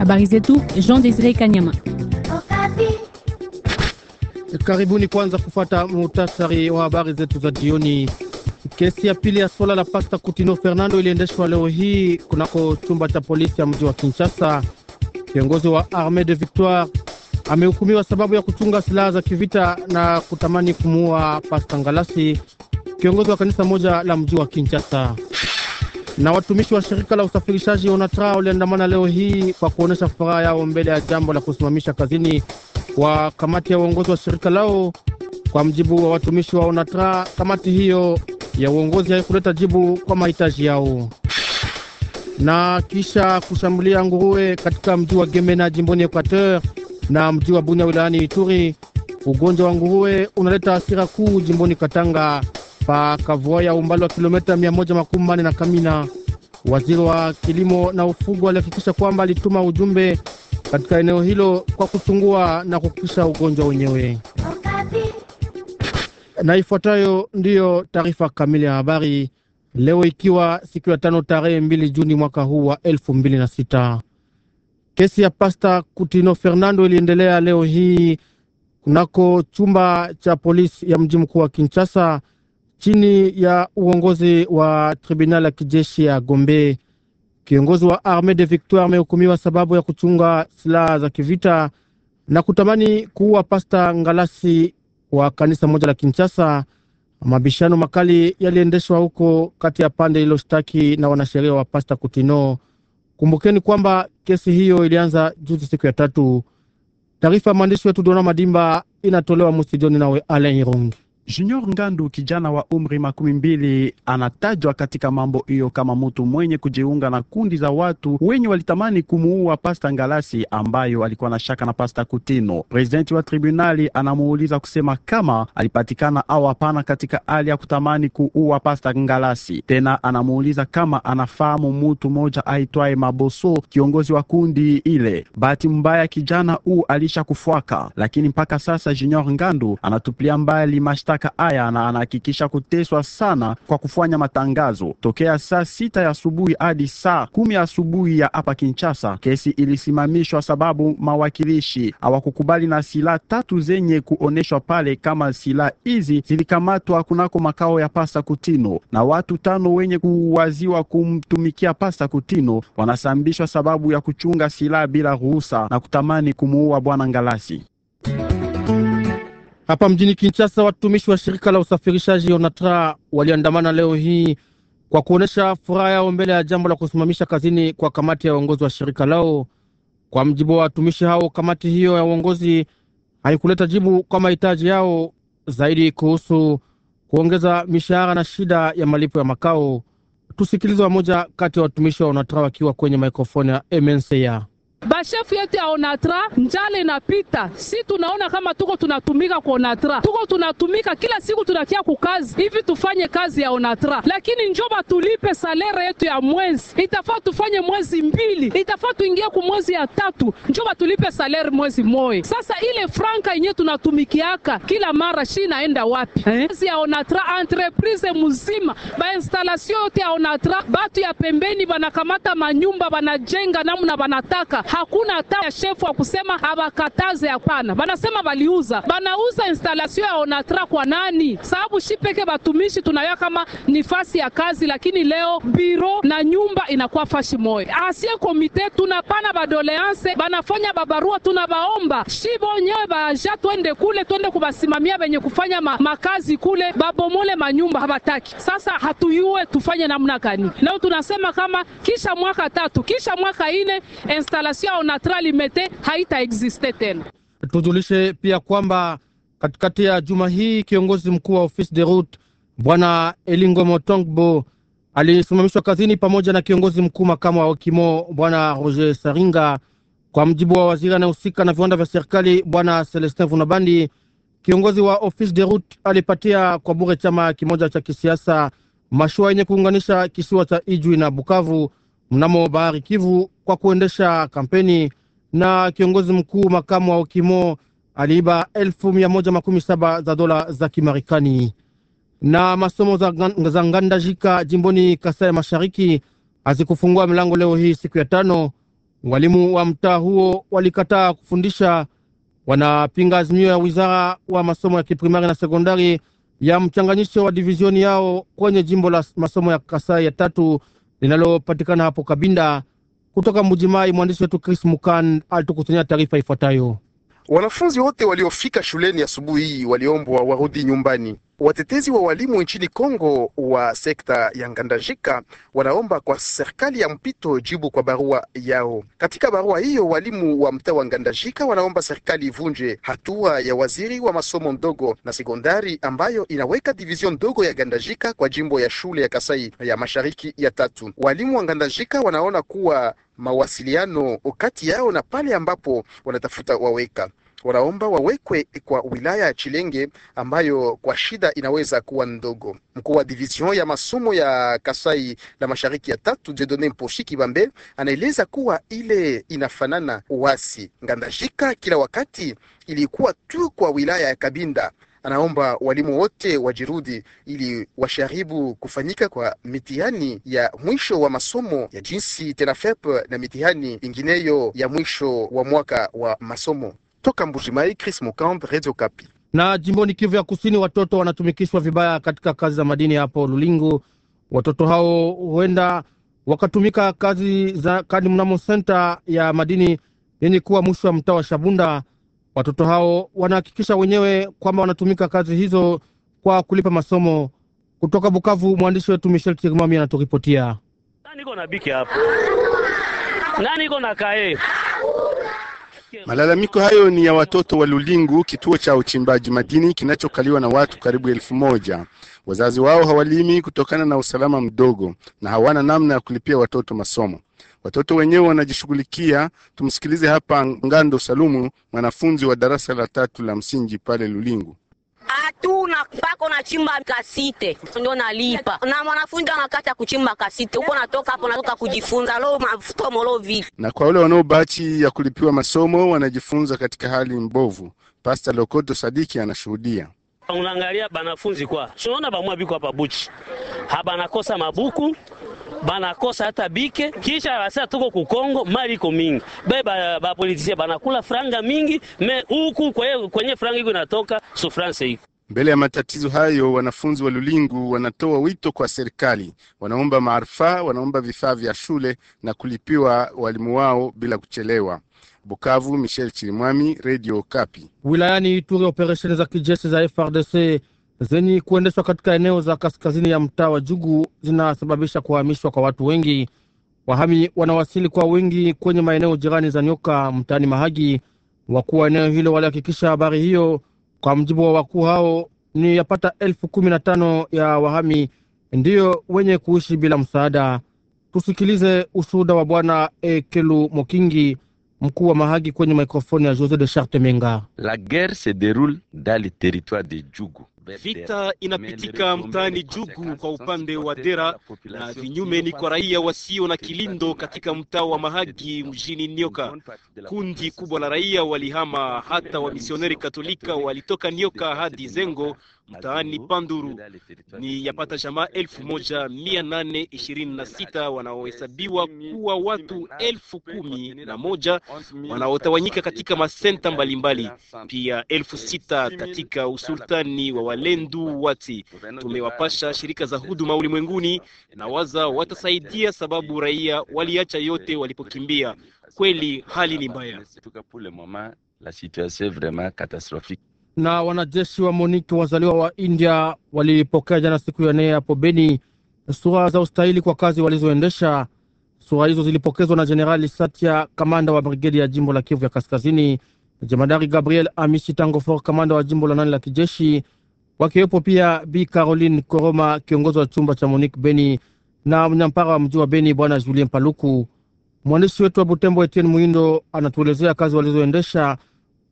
Habari zetu Jean Desire Kanyama. Karibuni kwanza kufata muhtasari wa habari zetu za jioni. Kesi ya pili ya swala la Pasta Kutino Fernando iliendeshwa leo hii kunako chumba cha polisi ya mji wa Kinshasa. Kiongozi wa Armee de Victoire amehukumiwa sababu ya kuchunga silaha za kivita na kutamani kumuua Pasta Ngalasi, kiongozi wa kanisa moja la mji wa Kinshasa na watumishi wa shirika la usafirishaji ONATRA waliandamana leo hii kwa kuonyesha furaha yao mbele ya jambo la kusimamisha kazini kwa kamati ya uongozi wa shirika lao. Kwa mjibu wa watumishi wa ONATRA, kamati hiyo ya uongozi haikuleta jibu kwa mahitaji yao. Na kisha kushambulia nguruwe katika mji wa Gemena jimboni Equateur na mji wa Bunya wilayani Ituri, ugonjwa wa nguruwe unaleta hasira kuu jimboni Katanga pa Kavoya, umbali wa kilomita mia moja makumi manne na Kamina. Waziri wa kilimo na ufugo alihakikisha kwamba alituma ujumbe katika eneo hilo kwa kuchungua na kukisha ugonjwa wenyewe. Na ifuatayo ndiyo taarifa kamili ya habari leo, ikiwa siku ya tano tarehe mbili Juni mwaka huu wa elfu mbili na sita. Kesi ya Pasta Kutino Fernando iliendelea leo hii kunako chumba cha polisi ya mji mkuu wa Kinshasa chini ya uongozi wa tribunal ya kijeshi ya Gombe. Kiongozi wa Arme de Victoire amehukumiwa sababu ya kuchunga silaha za kivita na kutamani kuua pasta Ngalasi wa kanisa moja la Kinshasa. Mabishano makali yaliendeshwa huko kati ya pande iliyoshtaki na wanasheria wa pasta Kutino. Kumbukeni kwamba kesi hiyo ilianza juzi siku ya tatu. Taarifa ya mwandishi wetu Dona Madimba inatolewa Musijoni nawe Alen Irungi. Junior Ngandu, kijana wa umri makumi mbili, anatajwa katika mambo hiyo kama mtu mwenye kujiunga na kundi za watu wenye walitamani kumuua Pasta Ngalasi ambayo alikuwa na shaka na Pasta Kutino. Presidenti wa tribunali anamuuliza kusema kama alipatikana au hapana katika hali ya kutamani kuua Pasta Ngalasi. Tena anamuuliza kama anafahamu mtu mmoja aitwaye Maboso, kiongozi wa kundi ile. Bahati mbaya, kijana huu alisha kufwaka, lakini mpaka sasa Junior Ngandu anatupilia mbali mashtaka mashtaka haya na anahakikisha kuteswa sana kwa kufanya matangazo tokea saa sita ya asubuhi hadi saa kumi ya asubuhi ya hapa Kinshasa. Kesi ilisimamishwa sababu mawakilishi hawakukubali na silaha tatu zenye kuoneshwa pale kama silaha hizi zilikamatwa kunako makao ya Pasta Kutino, na watu tano wenye kuwaziwa kumtumikia Pasta Kutino wanasambishwa sababu ya kuchunga silaha bila ruhusa na kutamani kumuua Bwana Ngalasi. Hapa mjini Kinshasa, watumishi wa shirika la usafirishaji ONATRA waliandamana leo hii kwa kuonyesha furaha yao mbele ya jambo la kusimamisha kazini kwa kamati ya uongozi wa shirika lao. Kwa mjibu wa watumishi hao, kamati hiyo ya uongozi haikuleta jibu kwa mahitaji yao zaidi kuhusu kuongeza mishahara na shida ya malipo ya makao. Tusikilize wamoja kati ya watumishi wa ONATRA wakiwa kwenye mikrofoni ya MNCA bashefu yetu ya Onatra njala inapita, si tunaona kama tuko tunatumika kwa Onatra, tuko tunatumika kila siku, tunakia kukazi hivi, tufanye kazi ya Onatra, lakini njo batulipe salere yetu ya mwezi. Itafaa tufanye mwezi mbili, itafaa tuingie ku mwezi ya tatu, njo batulipe salere mwezi moya. Sasa ile franka yenye tunatumikiaka kila mara shi naenda wapi eh? Kazi ya Onatra entreprise muzima bainstalasio yote ya Onatra, batu ya pembeni banakamata manyumba banajenga namna banataka hakuna hata shefu wa kusema habakataze. Hapana, banasema baliuza, banauza instalasio ya Onatra kwa nani? Sababu shi peke batumishi tunayoa kama nifasi ya kazi, lakini leo biro na nyumba inakuwa fashi moya. Asie komite tunapana badoleanse, banafanya babarua, tunabaomba shibo nyewe baja, twende kule, twende kubasimamia benye kufanya ma, makazi kule, babomole manyumba, habataki. Sasa hatuyue tufanye namna gani? Leo tunasema kama kisha mwaka tatu, kisha mwaka ine instalasio population natural imete haita existe tena. Tujulishe pia kwamba katikati ya juma hii kiongozi mkuu wa ofisi de route bwana Elingo Motongbo alisimamishwa kazini pamoja na kiongozi mkuu makamu wa Okimo bwana Roger Saringa. Kwa mjibu wa waziri anayehusika na viwanda vya serikali bwana Celestin Vunabandi, kiongozi wa office de route alipatia kwa bure chama kimoja cha kisiasa mashua yenye kuunganisha kisiwa cha Ijwi na Bukavu mnamo bahari Kivu kwa kuendesha kampeni, na kiongozi mkuu makamu wa Okimo aliiba elfu mia moja makumi saba za dola za Kimarekani. Na masomo za, Ngandajika jimboni Kasai Mashariki hazikufungua milango leo hii siku ya tano. Walimu wa mtaa huo walikataa kufundisha, wanapinga azimio ya wizara wa masomo ya kiprimari na sekondari ya mchanganyisho wa divizioni yao kwenye jimbo la masomo ya Kasai ya tatu linalopatikana hapo Kabinda. Kutoka Mujimai, mwandishi wetu Chris Mukan alitukusanyia taarifa ifuatayo. Wanafunzi wote waliofika shuleni asubuhi hii waliombwa warudi nyumbani. Watetezi wa walimu nchini Kongo wa sekta ya Ngandajika wanaomba kwa serikali ya mpito jibu kwa barua yao. Katika barua hiyo, walimu wa mtaa wa Ngandajika wanaomba serikali ivunje hatua ya waziri wa masomo ndogo na sekondari ambayo inaweka division ndogo ya Ngandajika kwa jimbo ya shule ya Kasai ya Mashariki ya tatu. Walimu wa Ngandajika wanaona kuwa mawasiliano kati yao na pale ambapo wanatafuta waweka wanaomba wawekwe kwa wilaya ya Chilenge ambayo kwa shida inaweza kuwa ndogo. Mkuu wa division ya masomo ya Kasai la Mashariki ya tatu Jedone Mposhi Kibambe anaeleza kuwa ile inafanana uasi ngandashika kila wakati ilikuwa tu kwa wilaya ya Kabinda. Anaomba walimu wote wajirudi ili washaribu kufanyika kwa mitihani ya mwisho wa masomo ya jinsi TENAFEP na mitihani ingineyo ya mwisho wa mwaka wa masomo. Toka Mbujimayi, Chris Mukand, Radio Kapi. Na jimboni Kivu ya Kusini, watoto wanatumikishwa vibaya katika kazi za madini hapo Lulingu. Watoto hao huenda wakatumika kazi za kadi mnamo senta ya madini yenye kuwa mwisho wa mtaa wa Shabunda. Watoto hao wanahakikisha wenyewe kwamba wanatumika kazi hizo kwa kulipa masomo. Kutoka Bukavu, mwandishi wetu Michel Chirimami anaturipotia. Nani iko na biki hapo? Nani iko na kae? Malalamiko hayo ni ya watoto wa Lulingu, kituo cha uchimbaji madini kinachokaliwa na watu karibu elfu moja. Wazazi wao hawalimi kutokana na usalama mdogo na hawana namna ya kulipia watoto masomo. Watoto wenyewe wanajishughulikia. Tumsikilize hapa Ngando Salumu, mwanafunzi wa darasa la tatu la msingi pale Lulingu. Hatuna pako na chimba kasite ndio nalipa na mwanafunzi anakata kuchimba kasite huko, natoka hapo natoka kujifunza lo mafuta molo vile. Na kwa wale wanaobaki ya kulipiwa masomo wanajifunza katika hali mbovu. Pasta Lokoto Sadiki anashuhudia unaangalia banafunzi kwa unaona bamwa biko hapa buchi habanakosa mabuku banakosa hata bike, kisha wasa tuko ku Kongo, mali iko mingi beba ba politisi banakula franga mingi me huku kwenye, kwenye franga iko inatoka su France iko mbele ya matatizo hayo, wanafunzi wa Lulingu wanatoa wito kwa serikali, wanaomba maarifa, wanaomba vifaa vya shule na kulipiwa walimu wao bila kuchelewa. Bukavu, Michel Chirimwami, Radio Kapi. Wilayani Ituri, operesheni za kijeshi za FRDC zenye kuendeshwa katika eneo za kaskazini ya mtaa wa Jugu zinasababisha kuhamishwa kwa watu wengi. Wahami wanawasili kwa wingi kwenye maeneo jirani za Nyoka mtaani Mahagi. Wakuu wa eneo hilo walihakikisha habari hiyo. Kwa mjibu wa wakuu hao, ni yapata elfu kumi na tano ya wahami ndiyo wenye kuishi bila msaada. Tusikilize ushuhuda wa Bwana Ekelu Mokingi, mkuu wa Mahagi, kwenye mikrofoni ya Jose de Charte Menga. La guerre se deroule dans le territoire de Jugu Vita inapitika mtaani Jugu kwa upande wa Dera na vinyume ni kwa raia wasio na kilindo katika mtaa wa Mahagi mjini Nioka. Kundi kubwa la raia walihama, hata wamisioneri Katolika walitoka Nioka hadi Zengo mtaani Panduru. Ni yapata jamaa elfu moja mia nane ishirini na sita wanaohesabiwa kuwa watu elfu kumi na moja wanaotawanyika katika masenta mbalimbali mbali. Pia elfu sita katika usultani wa Lendu Wati. Tumewapasha shirika za huduma ulimwenguni na waza watasaidia, sababu raia waliacha yote walipokimbia. Kweli hali ni mbaya na wanajeshi wa MONUC wazaliwa wa India walipokea jana siku ya nne hapo Beni sura za ustahili kwa kazi walizoendesha. Sura hizo zilipokezwa na Jenerali Satya, kamanda wa brigedi ya jimbo la Kivu ya Kaskazini, jemadari Gabriel Amisi Tangofor, kamanda wa jimbo la nane la kijeshi, wakiwepo pia Bi Caroline Koroma, kiongozi wa chumba cha Monik Beni na mnyampara wa mji wa Beni Bwana Julien Paluku. Mwandishi wetu wa Butembo Etienne Muindo anatuelezea kazi walizoendesha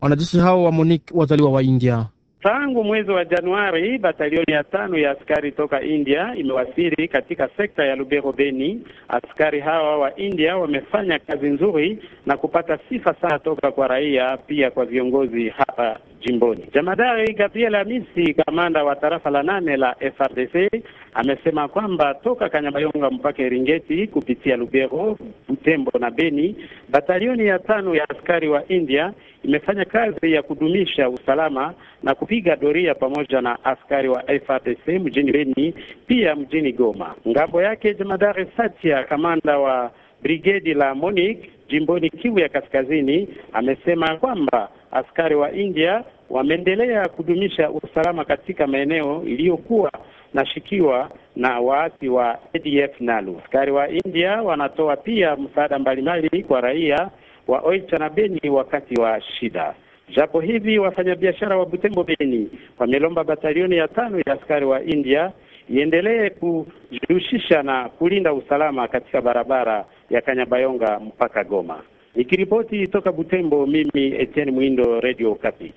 wanajeshi hao wa Monik wazaliwa wa India. Tangu mwezi wa Januari, batalioni ya tano ya askari toka India imewasili katika sekta ya Lubero Beni. Askari hawa wa India wamefanya kazi nzuri na kupata sifa sana toka kwa raia, pia kwa viongozi hapa jimboni. Jamadari Gabriel Amisi, kamanda wa tarafa la nane la FRDC, amesema kwamba toka Kanyabayonga mpaka Eringeti kupitia Lubero, Butembo na Beni, batalioni ya tano ya askari wa India imefanya kazi ya kudumisha usalama na kupiga doria pamoja na askari wa FRDC mjini Beni, pia mjini Goma. Ngambo yake Jamadari Satia, kamanda wa brigedi la Monique jimboni Kivu ya Kaskazini, amesema kwamba askari wa India wameendelea kudumisha usalama katika maeneo iliyokuwa nashikiwa na waasi wa ADF NALU. Askari wa India wanatoa pia msaada mbalimbali kwa raia wa Oicha na Beni wakati wa shida. Japo hivi wafanyabiashara wa Butembo Beni wamelomba batalioni ya tano ya askari wa India iendelee kujihusisha na kulinda usalama katika barabara ya Kanyabayonga mpaka Goma. Nikiripoti toka Butembo, mimi Etienne Mwindo, Radio Kapi.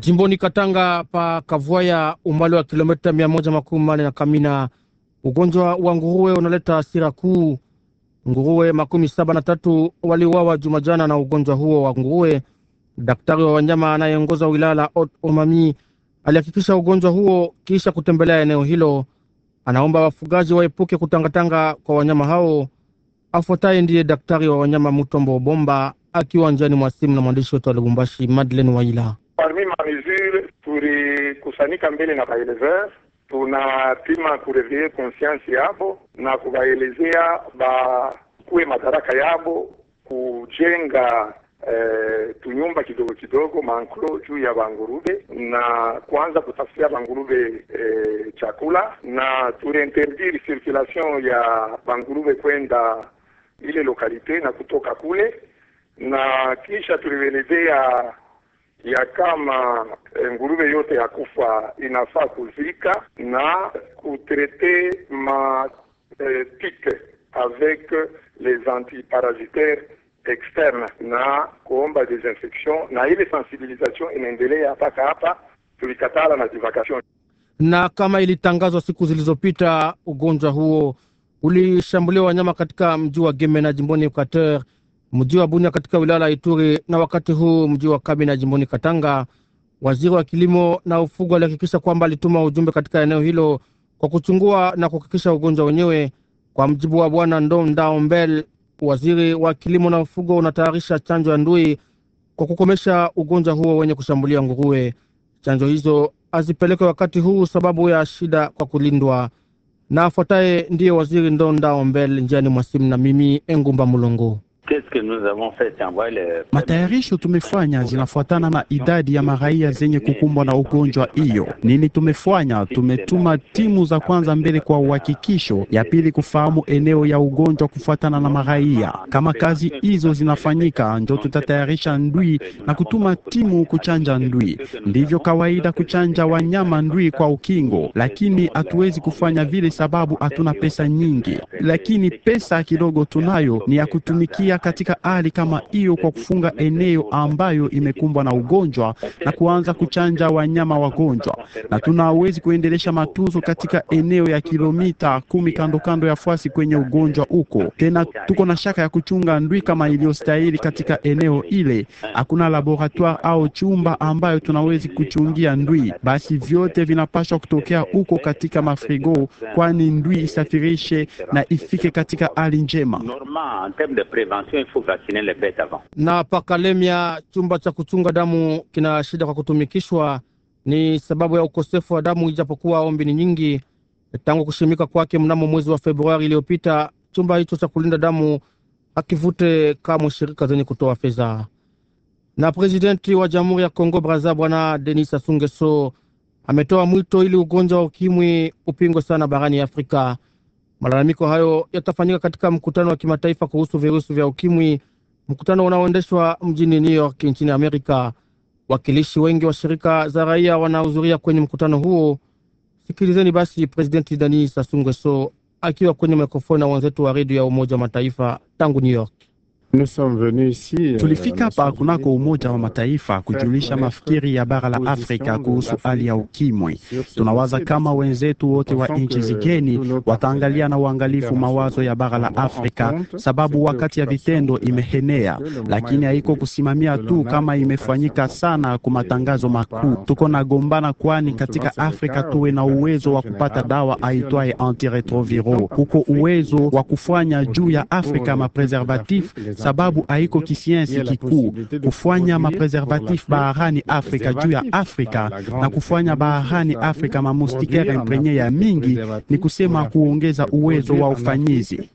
Jimboni Katanga pa Kavwaya, umbali wa kilomita mia moja makumi mane na Kamina, ugonjwa wa nguruwe unaleta hasira kuu. Nguruwe makumi saba na tatu waliuawa jumajana na ugonjwa huo wa nguruwe. Daktari wa wanyama anayeongoza wilaya la Omami alihakikisha ugonjwa huo kisha kutembelea eneo hilo. Anaomba wafugaji waepuke kutangatanga kwa wanyama hao. Afuataye ndiye daktari wa wanyama Mutombo Bomba akiwa njani mwa simu na mwandishi wetu wa Lubumbashi Madeleine Waila. Parmi ma mesure tulikusanyika mbele na baeleveur, tunapima kureveye konsiansi yabo na kubaelezea bakuwe madaraka yabo kujenga eh, tunyumba kidogo kidogo manklo juu ya bangurube na kuanza kutafutia bangurube eh, chakula na tuliinterdire circulation ya bangurube kwenda ile lokalite na kutoka kule, na kisha tulielezea ya kama eh, nguruve yote ya kufa inafaa kuzika na kutrete matike eh, avec les antiparasitaires externes na kuomba desinfection na ile sensibilisation inaendelea mpaka hapa, tulikatala na divakation. Na kama ilitangazwa siku zilizopita, ugonjwa huo ulishambulia wanyama katika mji wa Gemena jimboni Equateur, mji wa Bunia katika wilaya la Ituri na wakati huu mji wa kabina jimboni Katanga. Waziri wa kilimo na ufugo alihakikisha kwamba alituma ujumbe katika eneo hilo kwa kuchungua na kuhakikisha ugonjwa wenyewe. Kwa mjibu wa bwana Ndom Ndaombel, waziri wa kilimo na ufugo unatayarisha chanjo ya ndui kwa kukomesha ugonjwa huo wenye kushambulia nguruwe. Chanjo hizo hazipelekwe wakati huu sababu ya shida kwa kulindwa na afuataye ndiye waziri Ndonda Ombel njiani mwasimu na mimi Engumba Mulongo. Qu'est-ce que nous avons fait Chambwale? Matayarisho tumefanya zinafuatana na idadi ya maraia zenye kukumbwa na ugonjwa hiyo. Nini tumefanya? Tumetuma timu za kwanza mbele kwa uhakikisho, ya pili kufahamu eneo ya ugonjwa kufuatana na maraia. Kama kazi hizo zinafanyika, ndio tutatayarisha ndui na kutuma timu kuchanja ndui. Ndivyo kawaida kuchanja wanyama ndui kwa ukingo, lakini hatuwezi kufanya vile sababu hatuna pesa nyingi, lakini pesa kidogo tunayo ni ya kutumikia kuingia katika hali kama hiyo kwa kufunga eneo ambayo imekumbwa na ugonjwa na kuanza kuchanja wanyama wagonjwa, na tunawezi kuendelesha matunzo katika eneo ya kilomita kumi kando kando ya fasi kwenye ugonjwa huko. Tena tuko na shaka ya kuchunga ndui kama iliyostahili katika eneo ile. Hakuna laboratoire au chumba ambayo tunawezi kuchungia ndui, basi vyote vinapaswa kutokea huko katika mafrigo, kwani ndui isafirishe na ifike katika hali njema prévention, il faut vacciner les bêtes avant. Na Kalemia, chumba cha kuchunga damu kina shida kwa kutumikishwa, ni sababu ya ukosefu wa damu, ijapokuwa ombi ni nyingi. Tangu kushimika kwake mnamo mwezi wa Februari iliyopita, chumba hicho cha kulinda damu akivute kamwe shirika zenye kutoa fedha. Na presidenti wa Jamhuri ya Kongo Braza, bwana Denis asungeso ametoa mwito ili ugonjwa wa ukimwi upingwe sana barani Afrika. Malalamiko hayo yatafanyika katika mkutano wa kimataifa kuhusu virusi vya ukimwi, mkutano unaoendeshwa mjini New York nchini Amerika. Wakilishi wengi wa shirika za raia wanahudhuria kwenye mkutano huo. Sikilizeni basi Presidenti Dani Sassou Nguesso akiwa kwenye mikrofoni na wenzetu wa redio ya Umoja wa Mataifa tangu New York. Euh, Tulifika hapa kunako Umoja wa euh, Mataifa kujulisha mafikiri ya bara la Afrika kuhusu hali ya ukimwi. Tunawaza kama wenzetu wote wa nchi zigeni wataangalia na uangalifu mawazo ya bara la Afrika, sababu wakati ya vitendo imehenea, lakini haiko kusimamia tu kama imefanyika sana kwa matangazo makuu. Tuko na gombana, kwani katika Afrika tuwe na uwezo wa kupata dawa aitwaye antiretroviro, huko uwezo wa kufanya juu ya Afrika mapreservatif sababu haiko kisiensi kikuu kufanya mapreservatif baharani Afrika juu ya Afrika na kufanya baharani Afrika mamustikere imprenye ya mingi, ni kusema kuongeza uwezo wa ufanyizi.